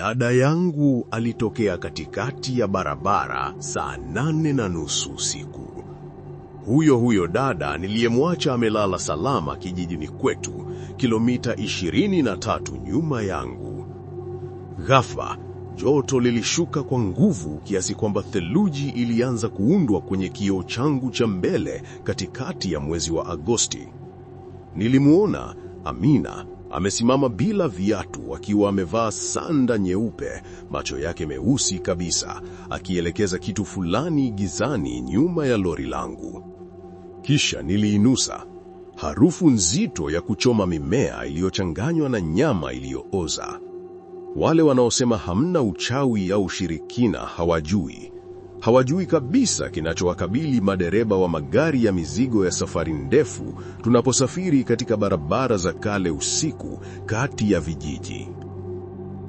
Dada yangu alitokea katikati ya barabara saa nane na nusu usiku. Huyo huyo dada niliyemwacha amelala salama kijijini kwetu, kilomita ishirini na tatu nyuma yangu. Ghafla joto lilishuka kwa nguvu kiasi kwamba theluji ilianza kuundwa kwenye kioo changu cha mbele katikati ya mwezi wa Agosti. Nilimwona Amina Amesimama bila viatu akiwa amevaa sanda nyeupe, macho yake meusi kabisa, akielekeza kitu fulani gizani nyuma ya lori langu. Kisha niliinusa harufu nzito ya kuchoma mimea iliyochanganywa na nyama iliyooza. Wale wanaosema hamna uchawi au ushirikina hawajui, Hawajui kabisa kinachowakabili madereba wa magari ya mizigo ya safari ndefu tunaposafiri katika barabara za kale usiku kati ya vijiji.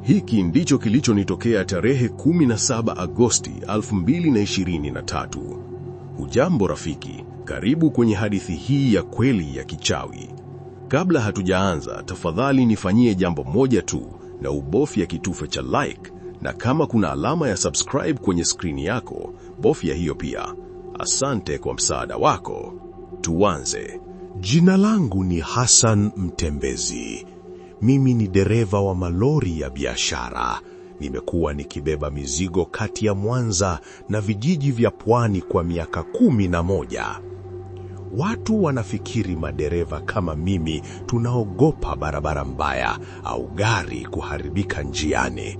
Hiki ndicho kilichonitokea tarehe 17 Agosti 2023. Hujambo rafiki, karibu kwenye hadithi hii ya kweli ya kichawi. Kabla hatujaanza, tafadhali nifanyie jambo moja tu na ubofya kitufe cha like na kama kuna alama ya subscribe kwenye skrini yako, bofya hiyo pia. Asante kwa msaada wako. Tuanze. Jina langu ni Hassan Mtembezi. Mimi ni dereva wa malori ya biashara. Nimekuwa nikibeba mizigo kati ya Mwanza na vijiji vya pwani kwa miaka kumi na moja. Watu wanafikiri madereva kama mimi tunaogopa barabara mbaya au gari kuharibika njiani.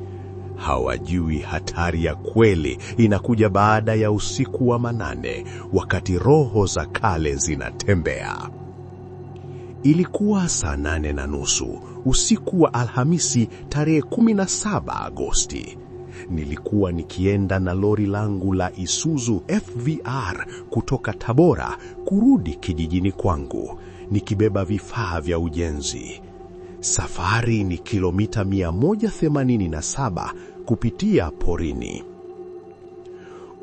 Hawajui hatari ya kweli inakuja baada ya usiku wa manane, wakati roho za kale zinatembea. Ilikuwa saa nane na nusu usiku wa Alhamisi tarehe 17 Agosti. Nilikuwa nikienda na lori langu la Isuzu FVR kutoka Tabora kurudi kijijini kwangu nikibeba vifaa vya ujenzi. Safari ni kilomita 187 kupitia porini.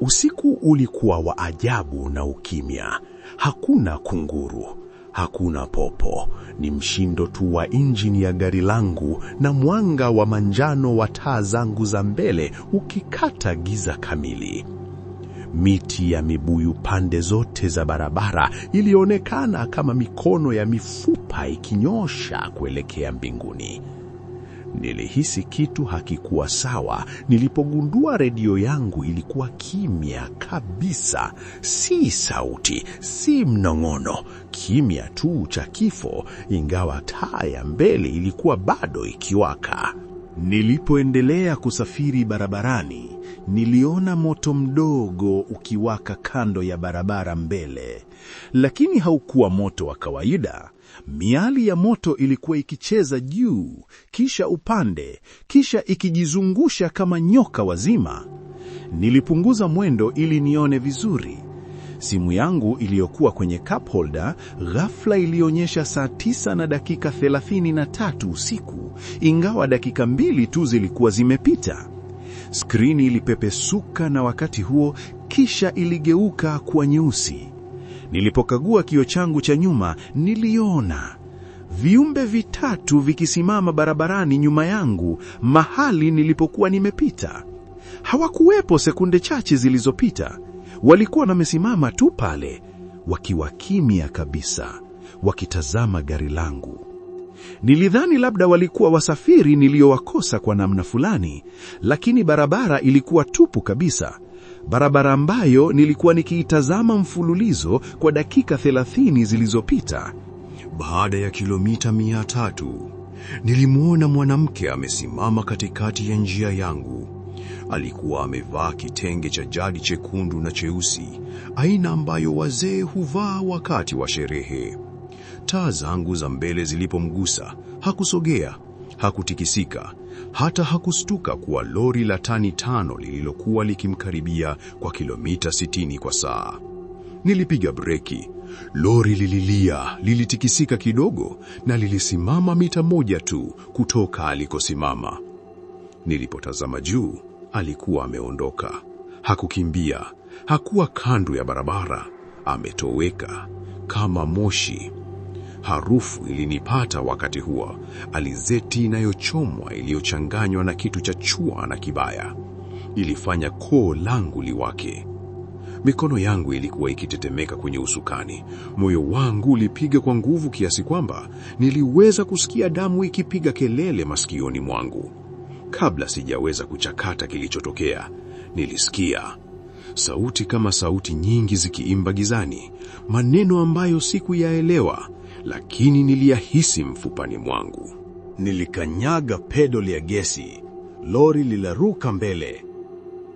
Usiku ulikuwa wa ajabu na ukimya. Hakuna kunguru, hakuna popo, ni mshindo tu wa injini ya gari langu na mwanga wa manjano wa taa zangu za mbele ukikata giza kamili. Miti ya mibuyu pande zote za barabara ilionekana kama mikono ya mifupa ikinyosha kuelekea mbinguni. Nilihisi kitu hakikuwa sawa nilipogundua redio yangu ilikuwa kimya kabisa, si sauti, si mnong'ono, kimya tu cha kifo, ingawa taa ya mbele ilikuwa bado ikiwaka. Nilipoendelea kusafiri barabarani, niliona moto mdogo ukiwaka kando ya barabara mbele, lakini haukuwa moto wa kawaida. Miali ya moto ilikuwa ikicheza juu, kisha upande, kisha ikijizungusha kama nyoka wazima. Nilipunguza mwendo ili nione vizuri. Simu yangu iliyokuwa kwenye cup holder ghafla ilionyesha saa tisa na dakika thelathini na tatu usiku, ingawa dakika mbili tu zilikuwa zimepita. Skrini ilipepesuka na wakati huo kisha iligeuka kuwa nyeusi. Nilipokagua kio changu cha nyuma, niliona viumbe vitatu vikisimama barabarani nyuma yangu, mahali nilipokuwa nimepita. Hawakuwepo sekunde chache zilizopita, walikuwa wamesimama tu pale, wakiwa kimya kabisa, wakitazama gari langu. Nilidhani labda walikuwa wasafiri niliowakosa kwa namna fulani, lakini barabara ilikuwa tupu kabisa barabara ambayo nilikuwa nikiitazama mfululizo kwa dakika thelathini zilizopita. Baada ya kilomita mia tatu nilimwona mwanamke amesimama katikati ya njia yangu. Alikuwa amevaa kitenge cha jadi chekundu na cheusi, aina ambayo wazee huvaa wakati wa sherehe. Taa zangu za mbele zilipomgusa, hakusogea, hakutikisika, hata hakustuka kuwa lori la tani tano lililokuwa likimkaribia kwa kilomita 60 kwa saa. Nilipiga breki. Lori lililia, lilitikisika kidogo na lilisimama mita moja tu kutoka alikosimama. Nilipotazama juu, alikuwa ameondoka. Hakukimbia, hakuwa kando ya barabara, ametoweka kama moshi. Harufu ilinipata wakati huo, alizeti inayochomwa iliyochanganywa na kitu cha chua na kibaya. Ilifanya koo langu liwake. Mikono yangu ilikuwa ikitetemeka kwenye usukani. Moyo wangu ulipiga kwa nguvu kiasi kwamba niliweza kusikia damu ikipiga kelele masikioni mwangu. Kabla sijaweza kuchakata kilichotokea, nilisikia sauti kama sauti nyingi zikiimba gizani, maneno ambayo sikuyaelewa, lakini niliyahisi mfupani mwangu. Nilikanyaga pedo ya gesi, lori lilaruka mbele.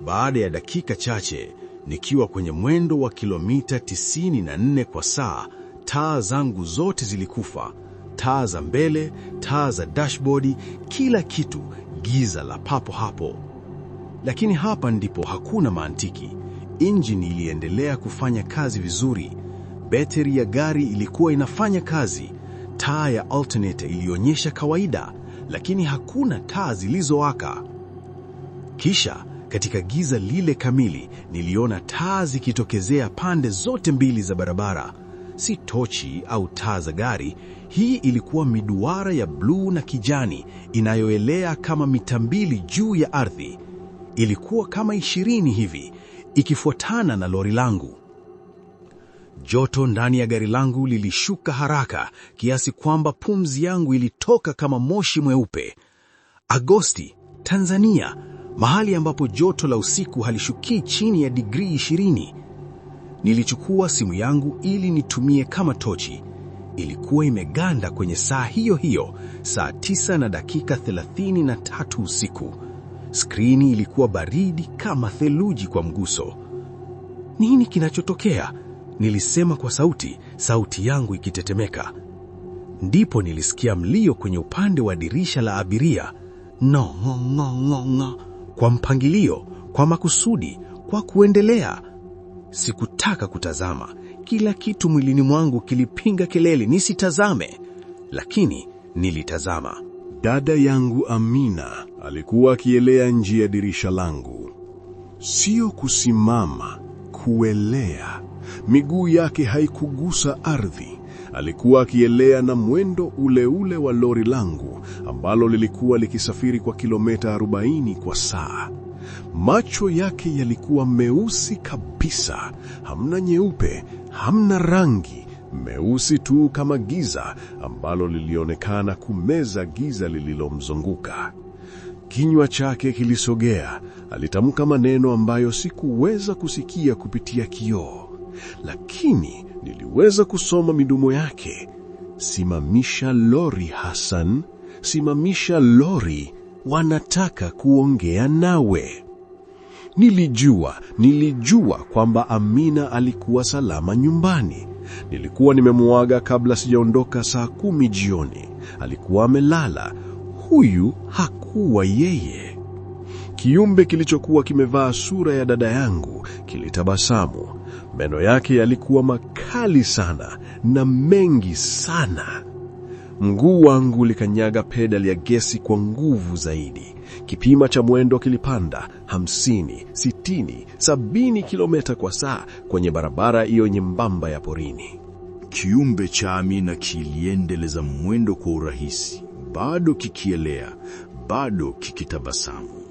Baada ya dakika chache, nikiwa kwenye mwendo wa kilomita 94 kwa saa, taa zangu zote zilikufa, taa za mbele, taa za dashbodi, kila kitu giza la papo hapo. Lakini hapa ndipo hakuna mantiki. Injini iliendelea kufanya kazi vizuri, betri ya gari ilikuwa inafanya kazi, taa ya alternator ilionyesha kawaida, lakini hakuna taa zilizowaka. Kisha katika giza lile kamili, niliona taa zikitokezea pande zote mbili za barabara. Si tochi au taa za gari. Hii ilikuwa miduara ya bluu na kijani inayoelea kama mita mbili juu ya ardhi. Ilikuwa kama ishirini hivi, ikifuatana na lori langu. Joto ndani ya gari langu lilishuka haraka kiasi kwamba pumzi yangu ilitoka kama moshi mweupe. Agosti, Tanzania, mahali ambapo joto la usiku halishukii chini ya digrii 20. Nilichukua simu yangu ili nitumie kama tochi. Ilikuwa imeganda kwenye saa hiyo hiyo, saa tisa na dakika 33 usiku. Skrini ilikuwa baridi kama theluji kwa mguso. Nini kinachotokea? nilisema kwa sauti, sauti yangu ikitetemeka. Ndipo nilisikia mlio kwenye upande wa dirisha la abiria, no no, no, no, no. kwa mpangilio, kwa makusudi, kwa kuendelea. Sikutaka kutazama, kila kitu mwilini mwangu kilipinga kelele nisitazame, lakini nilitazama. Dada yangu Amina alikuwa akielea nje ya dirisha langu, sio kusimama, kuelea. Miguu yake haikugusa ardhi. Alikuwa akielea na mwendo ule ule wa lori langu ambalo lilikuwa likisafiri kwa kilomita 40 kwa saa. Macho yake yalikuwa meusi kabisa, hamna nyeupe, hamna rangi, meusi tu kama giza ambalo lilionekana kumeza giza lililomzunguka. Kinywa chake kilisogea, alitamka maneno ambayo sikuweza kusikia kupitia kioo lakini niliweza kusoma midomo yake. Simamisha lori, Hassan, simamisha lori, wanataka kuongea nawe. Nilijua, nilijua kwamba Amina alikuwa salama nyumbani. Nilikuwa nimemuaga kabla sijaondoka saa kumi jioni. Alikuwa amelala. Huyu hakuwa yeye. Kiumbe kilichokuwa kimevaa sura ya dada yangu kilitabasamu. Meno yake yalikuwa makali sana na mengi sana. Mguu wangu ulikanyaga pedali ya gesi kwa nguvu zaidi. Kipima cha mwendo kilipanda hamsini, sitini, sabini kilomita kwa saa kwenye barabara hiyo nyembamba ya porini. Kiumbe cha Amina kiliendeleza mwendo kwa urahisi, bado kikielea, bado kikitabasamu.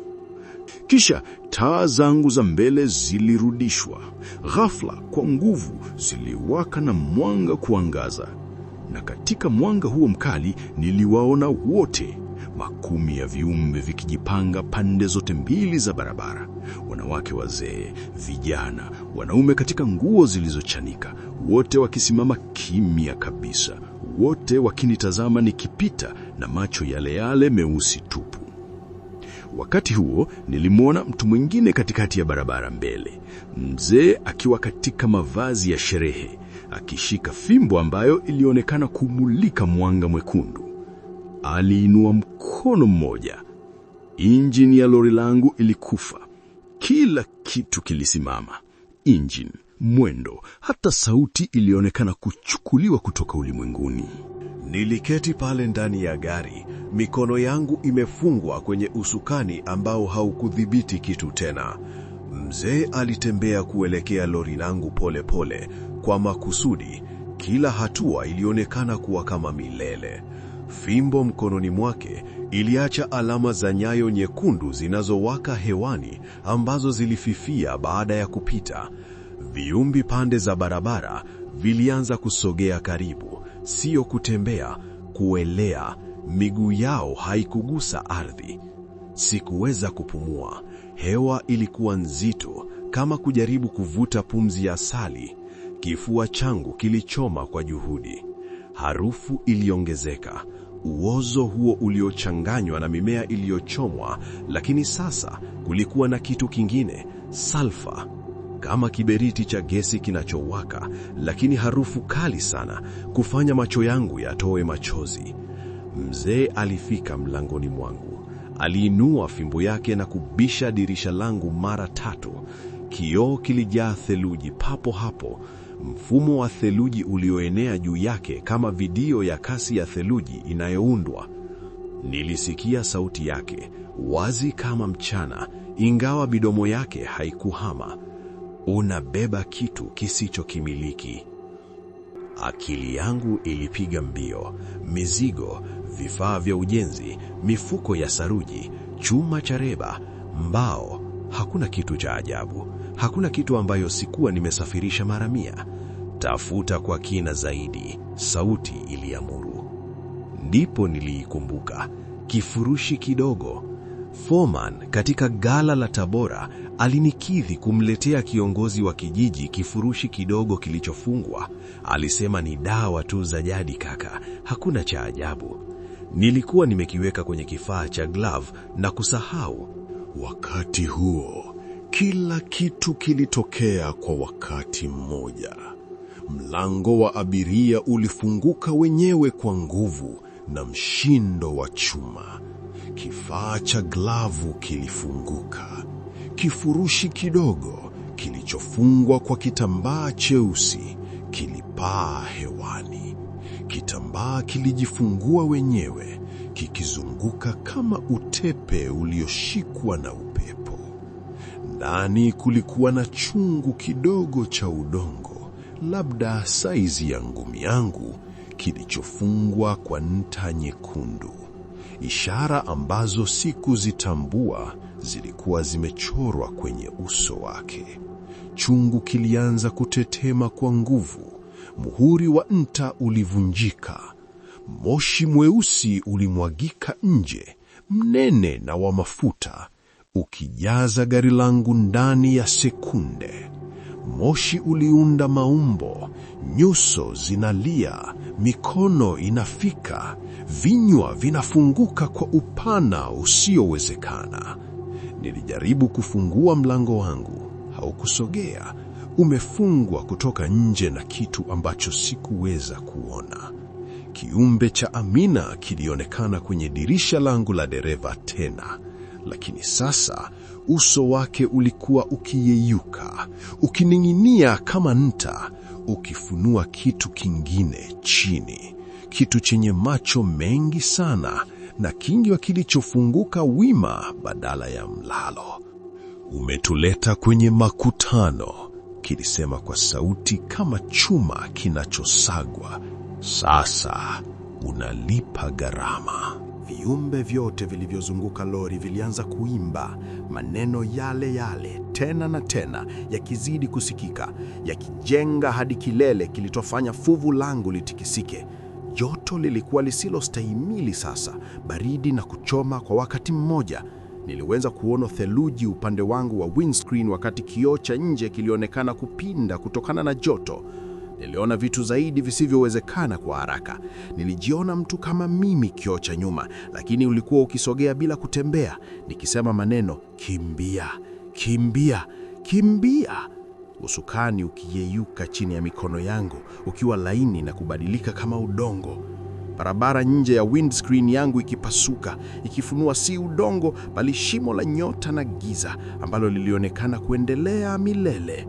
Kisha taa zangu za mbele zilirudishwa. Ghafla kwa nguvu ziliwaka na mwanga kuangaza, na katika mwanga huo mkali niliwaona wote, makumi ya viumbe vikijipanga pande zote mbili za barabara, wanawake wazee, vijana, wanaume katika nguo zilizochanika, wote wakisimama kimya kabisa, wote wakinitazama nikipita na macho yale yale meusi tupu. Wakati huo nilimwona mtu mwingine katikati ya barabara mbele, mzee akiwa katika mavazi ya sherehe, akishika fimbo ambayo ilionekana kumulika mwanga mwekundu. Aliinua mkono mmoja. Injini ya lori langu ilikufa. Kila kitu kilisimama: injini, mwendo, hata sauti ilionekana kuchukuliwa kutoka ulimwenguni. Niliketi pale ndani ya gari Mikono yangu imefungwa kwenye usukani ambao haukudhibiti kitu tena. Mzee alitembea kuelekea lori langu pole pole kwa makusudi. Kila hatua ilionekana kuwa kama milele. Fimbo mkononi mwake iliacha alama za nyayo nyekundu zinazowaka hewani ambazo zilififia baada ya kupita. Viumbi pande za barabara vilianza kusogea karibu, sio kutembea, kuelea. Miguu yao haikugusa ardhi. Sikuweza kupumua. Hewa ilikuwa nzito kama kujaribu kuvuta pumzi ya asali. Kifua changu kilichoma kwa juhudi. Harufu iliongezeka, uozo huo uliochanganywa na mimea iliyochomwa, lakini sasa kulikuwa na kitu kingine, salfa, kama kiberiti cha gesi kinachowaka, lakini harufu kali sana, kufanya macho yangu yatoe machozi. Mzee alifika mlangoni mwangu, aliinua fimbo yake na kubisha dirisha langu mara tatu. Kioo kilijaa theluji papo hapo, mfumo wa theluji ulioenea juu yake kama video ya kasi ya theluji inayoundwa. Nilisikia sauti yake wazi kama mchana, ingawa midomo yake haikuhama. Unabeba kitu kisichokimiliki. Akili yangu ilipiga mbio, mizigo vifaa vya ujenzi, mifuko ya saruji, chuma cha reba, mbao. Hakuna kitu cha ajabu, hakuna kitu ambayo sikuwa nimesafirisha mara mia. Tafuta kwa kina zaidi, sauti iliamuru. Ndipo niliikumbuka kifurushi kidogo. Foreman katika gala la Tabora alinikidhi kumletea kiongozi wa kijiji kifurushi kidogo kilichofungwa. Alisema ni dawa tu za jadi kaka, hakuna cha ajabu. Nilikuwa nimekiweka kwenye kifaa cha glavu na kusahau. Wakati huo kila kitu kilitokea kwa wakati mmoja. Mlango wa abiria ulifunguka wenyewe kwa nguvu na mshindo wa chuma. Kifaa cha glavu kilifunguka. Kifurushi kidogo kilichofungwa kwa kitambaa cheusi kilipaa hewani. Kitambaa kilijifungua wenyewe kikizunguka kama utepe ulioshikwa na upepo. Ndani kulikuwa na chungu kidogo cha udongo, labda saizi ya ngumi yangu, kilichofungwa kwa nta nyekundu. Ishara ambazo sikuzitambua zilikuwa zimechorwa kwenye uso wake. Chungu kilianza kutetema kwa nguvu, muhuri wa nta ulivunjika. Moshi mweusi ulimwagika nje, mnene na wa mafuta, ukijaza gari langu ndani ya sekunde. Moshi uliunda maumbo, nyuso zinalia, mikono inafika, vinywa vinafunguka kwa upana usiowezekana. Nilijaribu kufungua mlango wangu, haukusogea umefungwa kutoka nje na kitu ambacho sikuweza kuona. Kiumbe cha Amina kilionekana kwenye dirisha langu la dereva tena, lakini sasa uso wake ulikuwa ukiyeyuka, ukining'inia kama nta, ukifunua kitu kingine chini, kitu chenye macho mengi sana na kingiwa kilichofunguka wima badala ya mlalo. Umetuleta kwenye makutano kilisema kwa sauti kama chuma kinachosagwa, sasa unalipa gharama. Viumbe vyote vilivyozunguka lori vilianza kuimba maneno yale yale tena na tena, yakizidi kusikika, yakijenga hadi kilele kilitofanya fuvu langu litikisike. Joto lilikuwa lisilostahimili sasa, baridi na kuchoma kwa wakati mmoja. Niliweza kuona theluji upande wangu wa windscreen wakati kioo cha nje kilionekana kupinda kutokana na joto. Niliona vitu zaidi visivyowezekana kwa haraka. Nilijiona mtu kama mimi kioo cha nyuma, lakini ulikuwa ukisogea bila kutembea, nikisema maneno kimbia, kimbia, kimbia, usukani ukiyeyuka chini ya mikono yangu ukiwa laini na kubadilika kama udongo barabara nje ya windscreen yangu ikipasuka, ikifunua si udongo bali shimo la nyota na giza ambalo lilionekana kuendelea milele.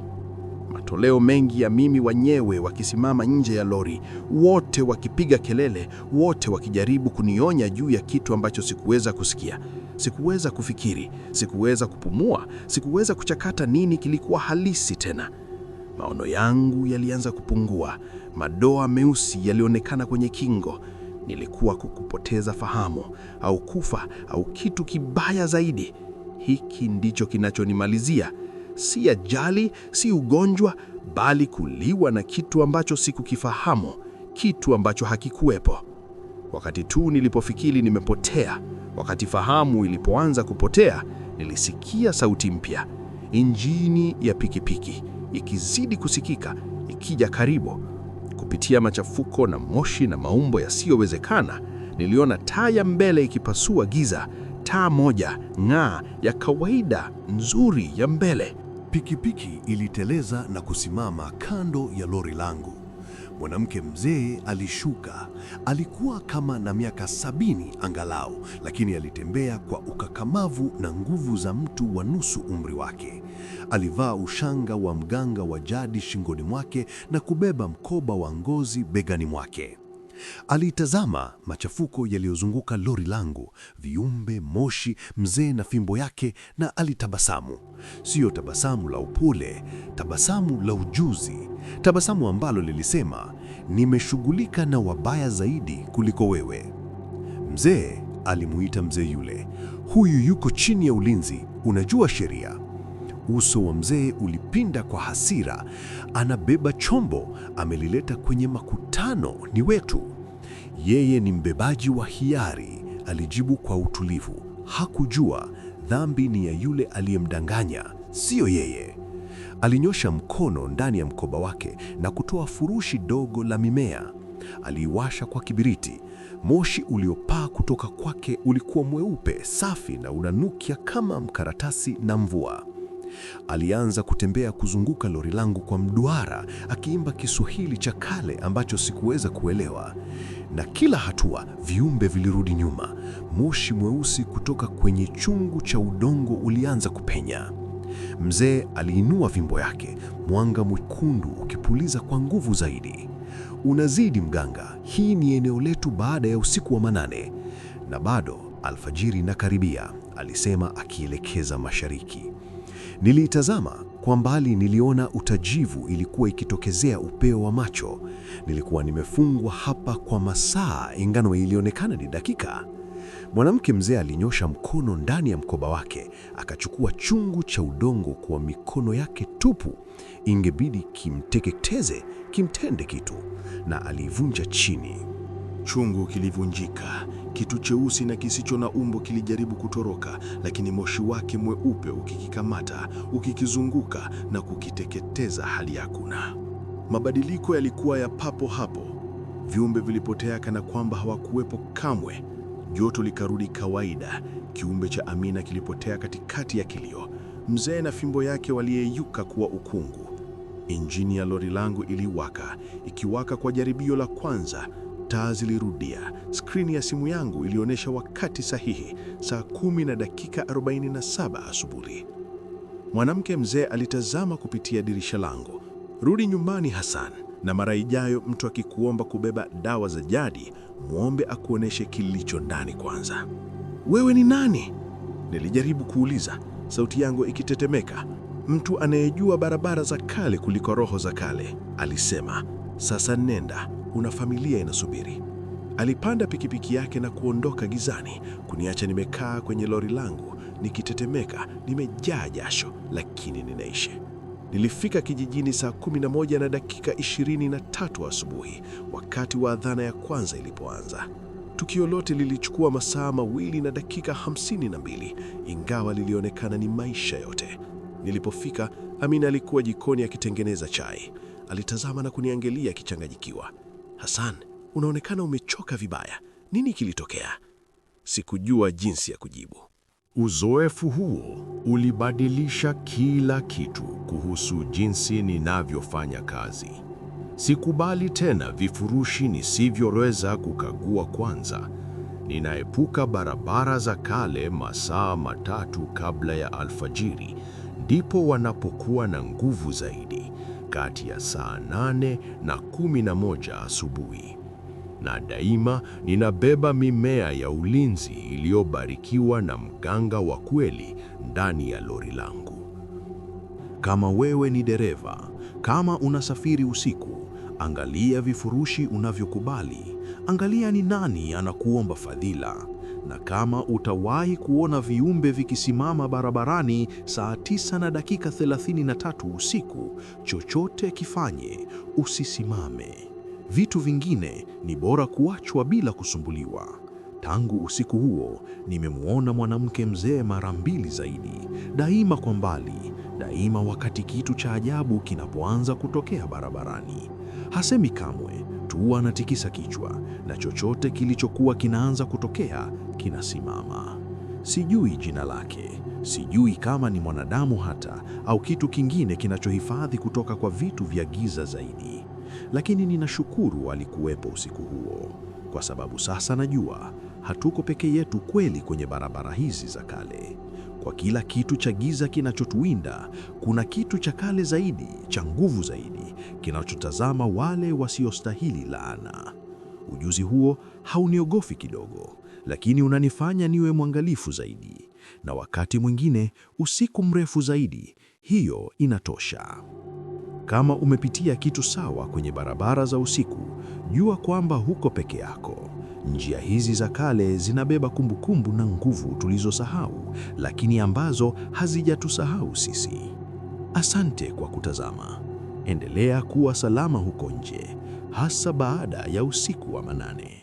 Matoleo mengi ya mimi wenyewe wakisimama nje ya lori, wote wakipiga kelele, wote wakijaribu kunionya juu ya kitu ambacho sikuweza kusikia, sikuweza kufikiri, sikuweza kupumua, sikuweza kuchakata nini kilikuwa halisi tena. Maono yangu yalianza kupungua, madoa meusi yalionekana kwenye kingo. Nilikuwa kukupoteza fahamu au kufa au kitu kibaya zaidi. Hiki ndicho kinachonimalizia, si ajali, si ugonjwa, bali kuliwa na kitu ambacho sikukifahamu, kitu ambacho hakikuwepo. Wakati tu nilipofikiri nimepotea, wakati fahamu ilipoanza kupotea, nilisikia sauti mpya, injini ya pikipiki ikizidi kusikika, ikija karibu kupitia machafuko na moshi na maumbo yasiyowezekana. Niliona taa ya mbele ikipasua giza, taa moja ng'aa, ya kawaida nzuri ya mbele. Pikipiki iliteleza na kusimama kando ya lori langu. Mwanamke mzee alishuka. Alikuwa kama na miaka sabini angalau, lakini alitembea kwa ukakamavu na nguvu za mtu wa nusu umri wake. Alivaa ushanga wa mganga wa jadi shingoni mwake na kubeba mkoba wa ngozi begani mwake. Alitazama machafuko yaliyozunguka lori langu, viumbe, moshi, mzee na fimbo yake, na alitabasamu. Siyo tabasamu la upole, tabasamu la ujuzi tabasamu ambalo lilisema, nimeshughulika na wabaya zaidi kuliko wewe. Mzee alimuita mzee yule, huyu yuko chini ya ulinzi, unajua sheria. Uso wa mzee ulipinda kwa hasira. Anabeba chombo, amelileta kwenye makutano, ni wetu. Yeye ni mbebaji wa hiari, alijibu kwa utulivu. Hakujua dhambi ni ya yule aliyemdanganya, siyo yeye. Alinyosha mkono ndani ya mkoba wake na kutoa furushi dogo la mimea. Aliiwasha kwa kibiriti. Moshi uliopaa kutoka kwake ulikuwa mweupe, safi na unanukia kama mkaratasi na mvua. Alianza kutembea kuzunguka lori langu kwa mduara, akiimba Kiswahili cha kale ambacho sikuweza kuelewa. Na kila hatua viumbe vilirudi nyuma. Moshi mweusi kutoka kwenye chungu cha udongo ulianza kupenya. Mzee aliinua fimbo yake, mwanga mwekundu ukipuliza kwa nguvu zaidi. Unazidi mganga, hii ni eneo letu baada ya usiku wa manane, na bado alfajiri na karibia, alisema akielekeza mashariki. Niliitazama kwa mbali, niliona utajivu ilikuwa ikitokezea upeo wa macho. Nilikuwa nimefungwa hapa kwa masaa, ingano ilionekana ni dakika. Mwanamke mzee alinyosha mkono ndani ya mkoba wake, akachukua chungu cha udongo kwa mikono yake tupu. Ingebidi kimteketeze, kimtende kitu, na alivunja chini. Chungu kilivunjika. Kitu cheusi na kisicho na umbo kilijaribu kutoroka, lakini moshi wake mweupe ukikikamata, ukikizunguka na kukiteketeza hali ya kuna. Mabadiliko yalikuwa ya papo hapo. Viumbe vilipotea kana kwamba hawakuwepo kamwe. Joto likarudi kawaida, kiumbe cha Amina kilipotea katikati ya kilio. Mzee na fimbo yake waliyeyuka kuwa ukungu. Injini ya lori langu iliwaka, ikiwaka kwa jaribio la kwanza. Taa zilirudia. Skrini ya simu yangu ilionyesha wakati sahihi, saa kumi na dakika 47 asubuhi. Mwanamke mzee alitazama kupitia dirisha langu. Rudi nyumbani Hassan na mara ijayo mtu akikuomba kubeba dawa za jadi, muombe akuoneshe kilicho ndani kwanza. Wewe ni nani? Nilijaribu kuuliza, sauti yangu ikitetemeka. Mtu anayejua barabara za kale kuliko roho za kale alisema, sasa nenda, una familia inasubiri. Alipanda pikipiki yake na kuondoka gizani, kuniacha nimekaa kwenye lori langu nikitetemeka, nimejaa jasho, lakini ninaishi. Nilifika kijijini saa 11 na dakika tatu asubuhi, wakati wa adhana ya kwanza ilipoanza. Tukio lote lilichukua masaa mawili na dakika mbili ingawa lilionekana ni maisha yote. Nilipofika, Amina alikuwa jikoni akitengeneza chai. Alitazama na kuniangalia akichanganyikiwa. Hassan, unaonekana umechoka vibaya. Nini kilitokea? Sikujua jinsi ya kujibu. Uzoefu huo ulibadilisha kila kitu kuhusu jinsi ninavyofanya kazi. Sikubali tena vifurushi nisivyoweza kukagua kwanza. Ninaepuka barabara za kale masaa matatu kabla ya alfajiri, ndipo wanapokuwa na nguvu zaidi, kati ya saa nane na kumi na moja asubuhi na daima ninabeba mimea ya ulinzi iliyobarikiwa na mganga wa kweli ndani ya lori langu. Kama wewe ni dereva, kama unasafiri usiku, angalia vifurushi unavyokubali, angalia ni nani anakuomba fadhila. Na kama utawahi kuona viumbe vikisimama barabarani saa tisa na dakika 33 usiku, chochote kifanye, usisimame. Vitu vingine ni bora kuachwa bila kusumbuliwa. Tangu usiku huo nimemwona mwanamke mzee mara mbili zaidi, daima kwa mbali, daima wakati kitu cha ajabu kinapoanza kutokea barabarani. Hasemi kamwe, tu anatikisa kichwa, na chochote kilichokuwa kinaanza kutokea kinasimama. Sijui jina lake, sijui kama ni mwanadamu hata au kitu kingine kinachohifadhi kutoka kwa vitu vya giza zaidi lakini ninashukuru alikuwepo usiku huo, kwa sababu sasa najua hatuko peke yetu kweli kwenye barabara hizi za kale. Kwa kila kitu cha giza kinachotuinda kuna kitu cha kale zaidi, cha nguvu zaidi, kinachotazama wale wasiostahili laana. Ujuzi huo hauniogofi kidogo, lakini unanifanya niwe mwangalifu zaidi, na wakati mwingine usiku mrefu zaidi. Hiyo inatosha. Kama umepitia kitu sawa kwenye barabara za usiku, jua kwamba huko peke yako. Njia hizi za kale zinabeba kumbukumbu na nguvu tulizosahau, lakini ambazo hazijatusahau sisi. Asante kwa kutazama. Endelea kuwa salama huko nje, hasa baada ya usiku wa manane.